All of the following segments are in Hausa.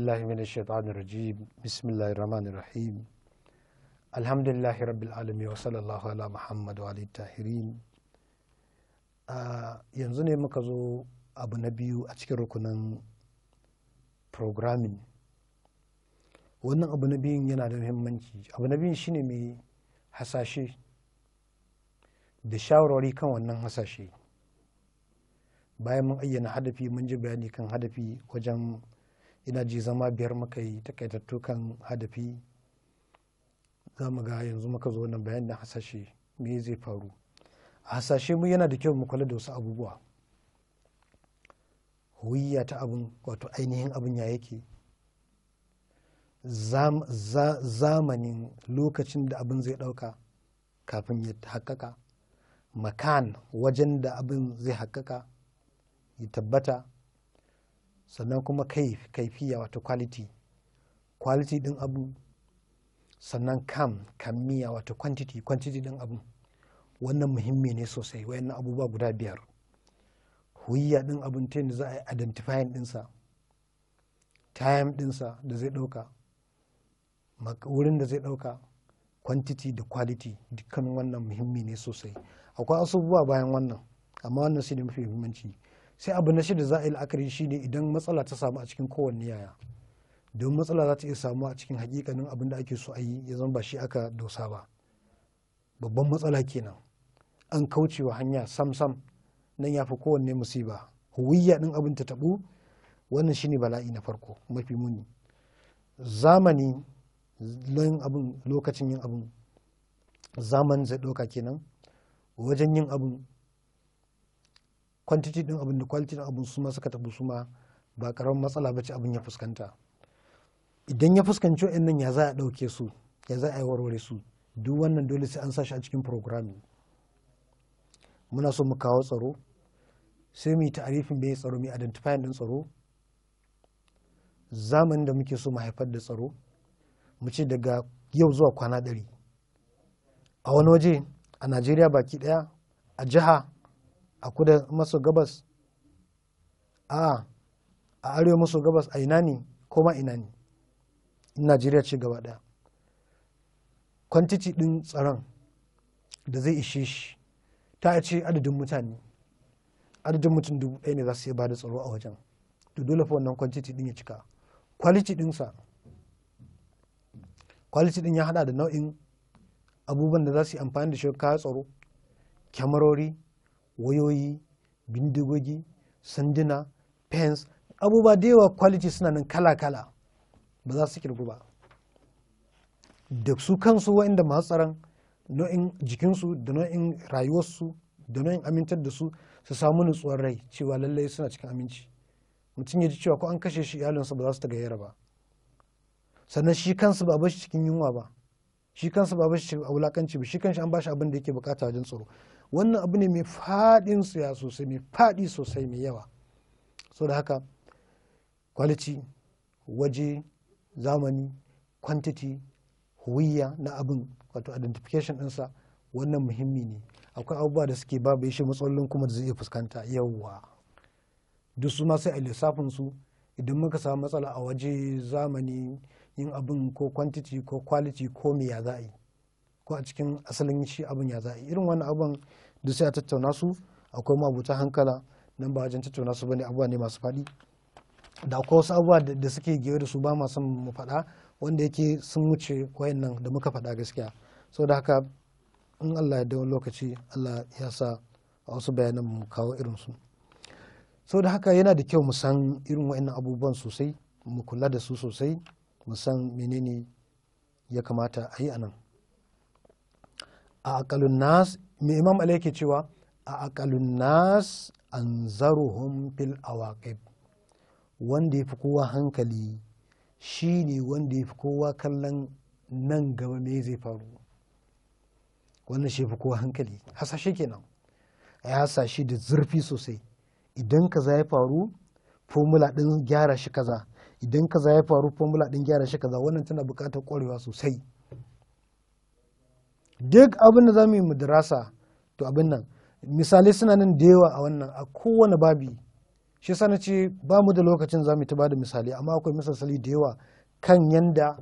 billahi min shaitanir rajim bismillahir rahmanir rahim alhamdulillahi rabbil alamin wa sallallahu ala muhammad wa alihi tahirin yanzu ne muka zo abu na biyu a cikin rukunin programming wannan abu na biyun yana da muhimmanci abu na biyun shine mai hasashe da shawarwari kan wannan hasashe bayan mun ayyana hadafi mun ji bayani kan hadafi wajen ina ji zama biyar muka yi takaitattu kan hadafi za mu ga yanzu muka zo nan bayan da hasashe me zai faru a hasashe mu yana da kyau mu kula da wasu abubuwa huyya ta abin wato ainihin abin ya yake zamanin lokacin da abin zai ɗauka kafin ya haƙƙaƙa makan wajen da abin zai haƙƙaƙa ya tabbata sannan kuma kaifiya wato quality quality din abu sannan kam kammiya wato quantity quantity din abu wannan muhimmi ne sosai wayannan abubuwa guda biyar huyya din abun ta za a yi identifying dinsa time dinsa da zai dauka wurin da zai dauka kwantiti da kwaliti dukkan wannan muhimmi ne sosai akwai asubuwa bayan wannan amma wannan shi ne mafi muhimmanci sai abu na shida za a yi la'akari shi ne idan matsala ta samu a cikin kowanne yaya don matsala za ta iya samu a cikin hakikanin abin da ake so a yi ya zama ba shi aka dosa ba babban matsala kenan an kauce wa hanya sam sam nan ya fi kowanne musiba huwiyya din abin ta tabu wannan shine bala'i na farko mafi muni zamani yin abin lokacin yin abin zaman zai ɗauka kenan wajen yin abin kwantiti din abin da kwalitin din abin su suka tabu su ba karamin matsala ba ce abin ya fuskanta idan ya fuskanci nan ya za a ɗauke su ya za a yi warware su duk wannan dole sai an sa shi a cikin programming muna so mu kawo tsaro sai mu yi ta'arifin bai tsaro mu identify din tsaro zamanin da muke so mu haifar da tsaro mu ce daga yau zuwa kwana ɗari a wani waje a najeriya baki ɗaya a jiha a kuda maso gabas a a arewa maso gabas a ina ne ko ma ina ne in najeriya ce gaba daya kwantiti din tsaron da zai ishe shi ta ce adadin mutane adadin mutum dubu ɗaya ne za su iya ba da tsaro a wajen to dole fa wannan kwantiti din ya cika kwaliti dinsa kwaliti din ya hada da nau'in abubuwan da za su yi amfani da shi kayan tsaro kyamarori wayoyi bindigogi sanduna pens abubuwa da yawa kwaliti suna nan kala-kala ba za su kirgu ba da su kansu wa'inda masu tsaron nau'in jikinsu da nau'in rayuwarsu da nau'in amintar da su su samu nutsuwar rai cewa lallai suna cikin aminci mutum ya ji cewa ko an kashe shi iyalinsa ba za su tagayyara ba sannan shi kansu ba bashi cikin yunwa ba shi kansu ba bashi a wulakanci ba shi kansu an bashi abin da yake bukata wajen tsaro wannan abu ne mai faɗin tsaya sosai mai faɗi sosai mai yawa so da haka kwaliti waje zamani kwantiti huwiya na abin wato identification ɗinsa wannan muhimmi ne akwai abubuwa da suke babu shi matsalolin kuma da zai iya fuskanta yawwa duk su ma sai a lissafin su idan muka samu matsala a waje zamani yin abin ko kwantiti ko kwaliti ko me ya za a yi ko a cikin asalin shi abin ya za irin wannan abin duk sai a tattauna su akwai mabuta hankala nan ba wajen tattauna su bane abubuwa ne masu faɗi da akwai wasu abubuwa da suke gewe da su ba ma son mu faɗa wanda yake sun wuce nan da muka faɗa gaskiya saboda haka in Allah ya dawo lokaci Allah ya sa a wasu bayanan mu kawo irin su saboda haka yana da kyau mu san irin wayannan abubuwan sosai mu kula da su sosai mu san menene ya kamata a yi a nan a akalun nas mai imam ali yake cewa a akalun nas anzaruhum fil awaqib wanda ya fi kowa hankali shi ne wanda ya fi kowa kallon nan gaba me zai faru wannan shi fi kowa hankali hasashe kenan ya hasashe da zurfi sosai idan kaza ya faru formula din gyara shi kaza idan kaza ya faru fomula din gyara shi kaza wannan tana buƙatar ƙwarewa sosai duk abin da za mu yi madrasa to abin nan misalai suna nan da yawa a wannan a kowane babi shi sana ce ba mu da lokacin za mu ta bada misali amma akwai misali da yawa kan yanda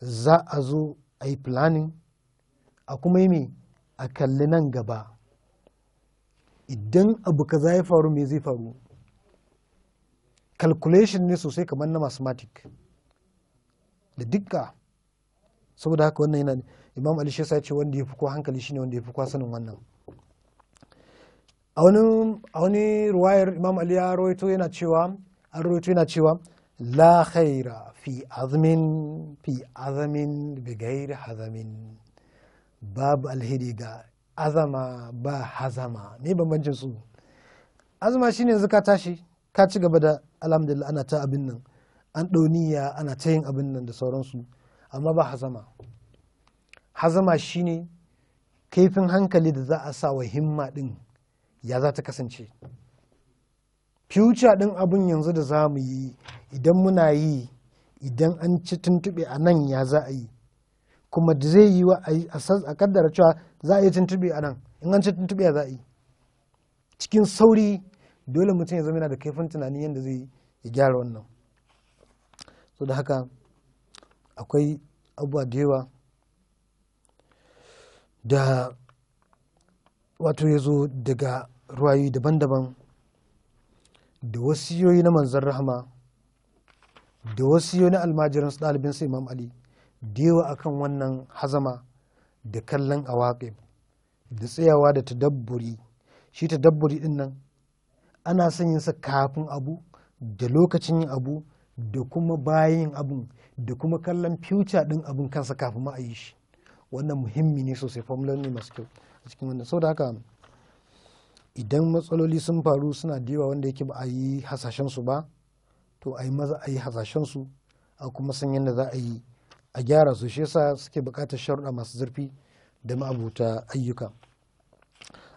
za a zo a yi planning a kuma yi mai a kalli nan gaba idan abu kaza ya faru me zai faru calculation ne sosai kamar na mathematics da dukka saboda haka wannan yana imam ali shi ce wanda ya fi ko hankali shine wanda ya fi kwa sanin wannan a wani ruwayar imam ali ya rawaito yana cewa an rawaito yana cewa la khaira fi azmin fi azmin bi ghairi hazamin babu alheri ga azama ba hazama ne bambancin su azama shine yanzu ka tashi ka ci gaba da alhamdulillah ana ta abin nan an ɗauniya ana ta yin abin nan da sauransu amma ba hazama hazama shine kaifin hankali da za a sa wa himma din ya za ta kasance future din abun yanzu da za mu yi idan muna yi idan an ci tuntuɓe a nan ya za a yi kuma da zai yi a kaddara cewa za a yi tuntuɓe a nan in an ci tuntuɓe ya za a yi cikin sauri dole mutum ya zama yana da kaifin tunanin yadda zai yi ya gyara wannan so da haka akwai abubuwa da yawa da wato ya zo daga ruwayi daban-daban da wasu yoyi na manzan rahama da yoyi na almajirin ɗalibin sai imam ali da yawa kan wannan hazama da kallon awaƙe da tsayawa da tadabburi shi tadabburi ɗin nan ana son sa kafin abu da lokacin yin abu da kuma bayan abin da kuma kallon future din abin kansa kafin ma yi shi wannan muhimmi ne sosai formula ne masu kyau a cikin wannan sau da haka idan matsaloli sun faru suna da yawa wanda yake ba a yi hasashensu ba to a yi maza a yi hasashensu a kuma san yadda za a yi a gyara su shi yasa suke bukatar sharuɗa masu zurfi da ma'abuta ayyuka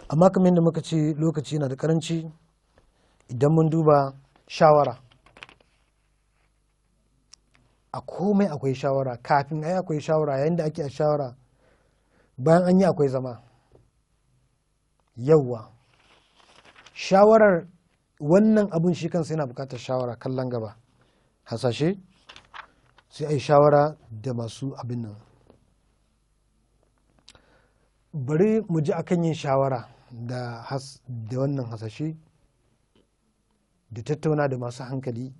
amma kamar yadda muka ce lokaci na da karanci idan mun duba shawara a komai akwai shawara kafin ai akwai shawara yayin da ake a shawara bayan an yi akwai zama yauwa shawarar wannan abun shi kansa yana bukatar shawara kallon gaba hasashe sai a yi shawara da masu abin nan bari mu ji akan yin shawara da wannan hasashe da tattauna da masu hankali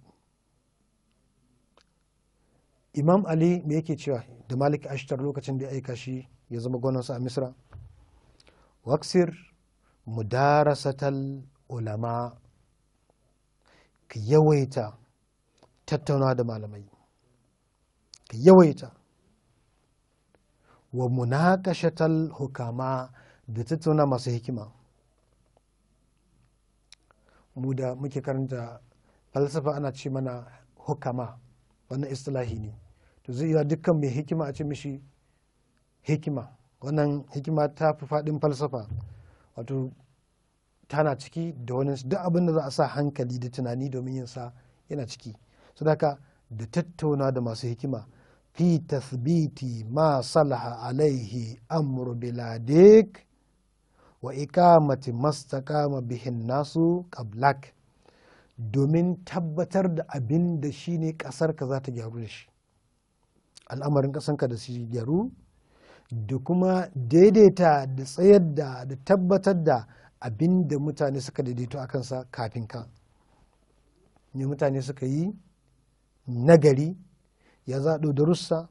imam ali me yake cewa da malik ashtar lokacin da ya aika shi ya zama gwanansa a misra waksir mudarasatal ulama ka yawaita tattauna da malamai ka yawaita wa munakashatal hukama da tattauna masu hikima mu da muke karanta falsafa ana ce mana hukama wannan istilahi ne to zai yiwa dukkan mai hikima a ce mishi hikima wannan hikima ta fi faɗin falsafa wato tana ciki da wani duk abin da za a sa hankali da tunani domin yin sa yana ciki sadaka da tattauna da masu hikima fi tasbiti ma salaha alaihi amru biladik wa ikamati mastaqama bihin nasu qablak domin tabbatar da abin da shine kasar ka za ta gyaru da shi al'amarin ƙasanka da su gyaru da kuma daidaita da tsayar da da tabbatar da abin da mutane suka daidaito a kansa kafin ka ne mutane suka yi nagari ya zaɗo a darussa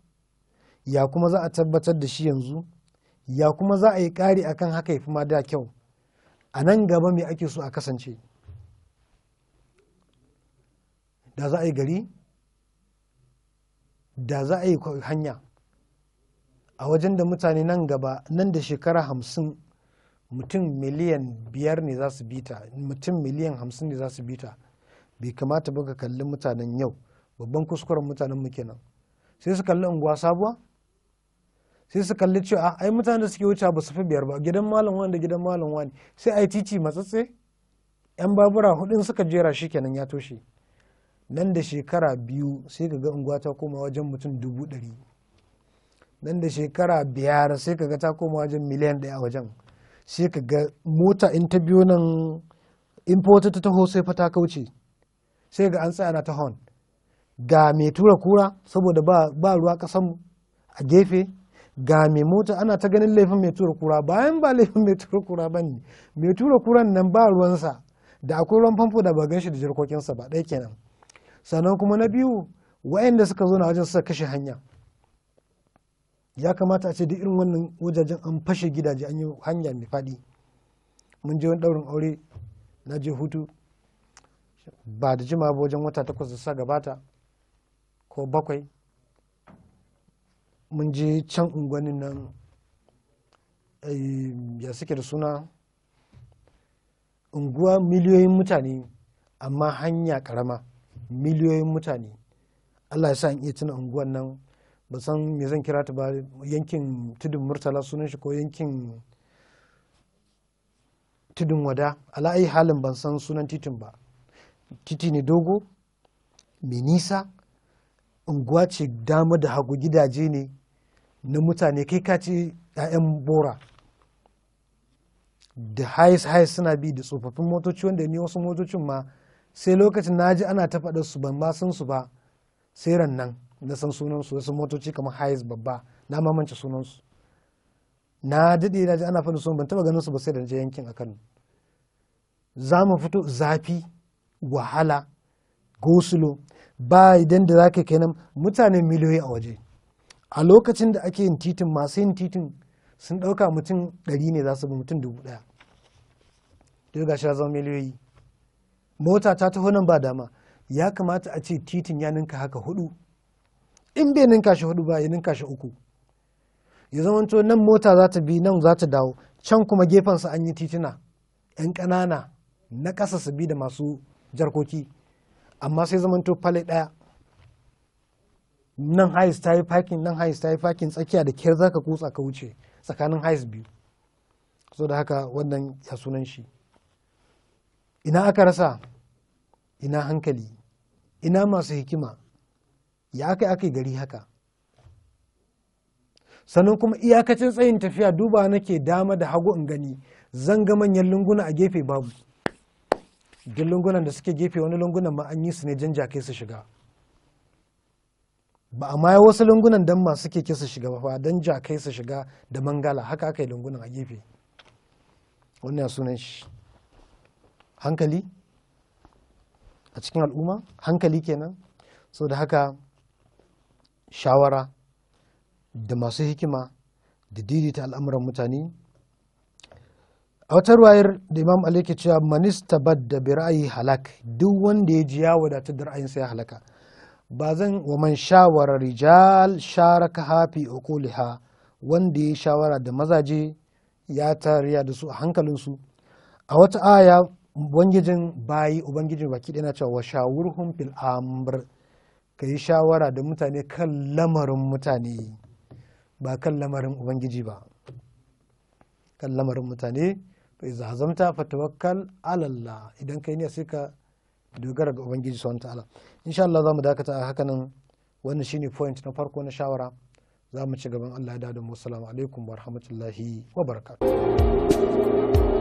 ya kuma za a tabbatar da shi yanzu ya kuma za a yi ƙari kan haka ya fi ma da kyau a nan gaba me ake so a kasance da za a yi gari da za a yi hanya a wajen da mutane nan gaba nan da shekara hamsin mutum miliyan biyar ne za su bita mutum miliyan hamsin ne za su bita bai kamata ba ka kalli mutanen yau babban kuskuren mutanen mu kenan sai su kalli unguwa sabuwa sai su kalli cewa ah, ai mutanen da suke wuce ba su fi biyar ba gidan malam wani da gidan malam wani sai ai titi matsatse yan babura hudun suka jera shi kenan ya toshe nan da shekara biyu sai ka ga unguwa ta koma wajen mutum dubu ɗari nan da shekara biyar sai ka ga ta koma wajen miliyan ɗaya wajen sai ka ga mota in ta biyo nan in fota ta taho sai fa ta kauce sai ga an tsaya na ta hon ga mai tura kura saboda ba ruwa kasan a gefe ga mai mota ana ta ganin laifin mai tura kura bayan ba laifin mai tura kura ba ne mai tura kuran nan ba ruwansa da akwai ruwan famfo da ba gan da jirkokinsa ba ɗaya kenan sannan kuma na biyu wa'anda suka zo na wajen suka kashe hanya ya kamata a ce duk irin wannan wajajen an fashe gidaje an yi hanya mai faɗi mun je wani ɗaurin aure na je hutu ba da jima ba wajen wata takwas da sa gabata ko bakwai mun je can unguwannin nan eh, ya suke da suna unguwa miliyoyin mutane amma hanya karama miliyoyin mutane allah ya sa in iya tuna unguwan nan ba san me zan kira ta ba yankin tudun murtala sunan shi ko yankin tudun wada ala'ayi halin ban san sunan titin ba titi ne dogo mai nisa unguwa ce dama da hagu gidaje ne na mutane kai ka ce 'ya'yan bora da hais hais suna bi da tsofaffin motoci wanda ni wasu motocin ma sai lokacin na ji ana ta faɗa su ban ma san su ba sai ran nan na san sunan su wasu motoci kamar hayes babba na mamance sunan su na daɗe na ji ana faɗin sunan ban taɓa ganin su ba sai da je yankin a kano za mu fito zafi wahala gosulo ba idan da za ka kai nan mutane miliyoyi a waje a lokacin da ake yin titin masu yin titin sun ɗauka mutum ɗari ne za su bi mutum dubu ɗaya duk a zama miliyoyi mota ta taho nan ba dama ya kamata a ce titin ya ninka haka hudu in bai ninka shi hudu ba ya ninka shi uku ya zamanto nan mota za ta bi nan za ta dawo can kuma gefensa an yi titina 'yan ƙanana na ƙasa su bi da masu jarkoki amma sai zamanto fale ɗaya nan hais ta yi fakin nan hais ta yi fakin tsakiya da kyar za ka kutsa ka wuce tsakanin hais biyu so da haka wannan ya sunan shi ina aka rasa ina hankali ina masu hikima ya aka aka gari haka sannan kuma iyakacin tsayin tafiya duba nake dama da hagu in gani zan ga manyan lunguna a gefe babu duk lungunan da suke gefe wani lungunan ma an yi su ne jan jakai su shiga ba a maya wasu lungunan dan masu keke su shiga ba dan jakai su shiga da mangala haka aka yi lungunan a gefe wannan sunan shi hankali a cikin al'umma hankali kenan so da haka shawara da masu hikima da daidaita al'amuran mutane a wata ruwayar da imam ali ke cewa manista bad da bi halak duk wanda ya ji ya wadata da ra'ayinsa ya halaka ba zan wa man shawara rijal ka hafi uquliha wanda ya shawara da mazaje ya tariya da su a hankalinsu a wata aya ubangijin bayi ubangijin baki ɗaya na cewa wa shawurhum fil amr ka yi shawara da mutane kan lamarin mutane ba kan lamarin ubangiji ba kan lamarin mutane fa iza hazamta fatawakkal ala Allah idan kai ne sai ka dogara ga ubangiji subhanahu ta'ala insha Allah zamu dakata a hakanan wannan shine point na farko na shawara zamu ci gaban Allah ya dada mu assalamu alaikum wa rahmatullahi wa barakatuh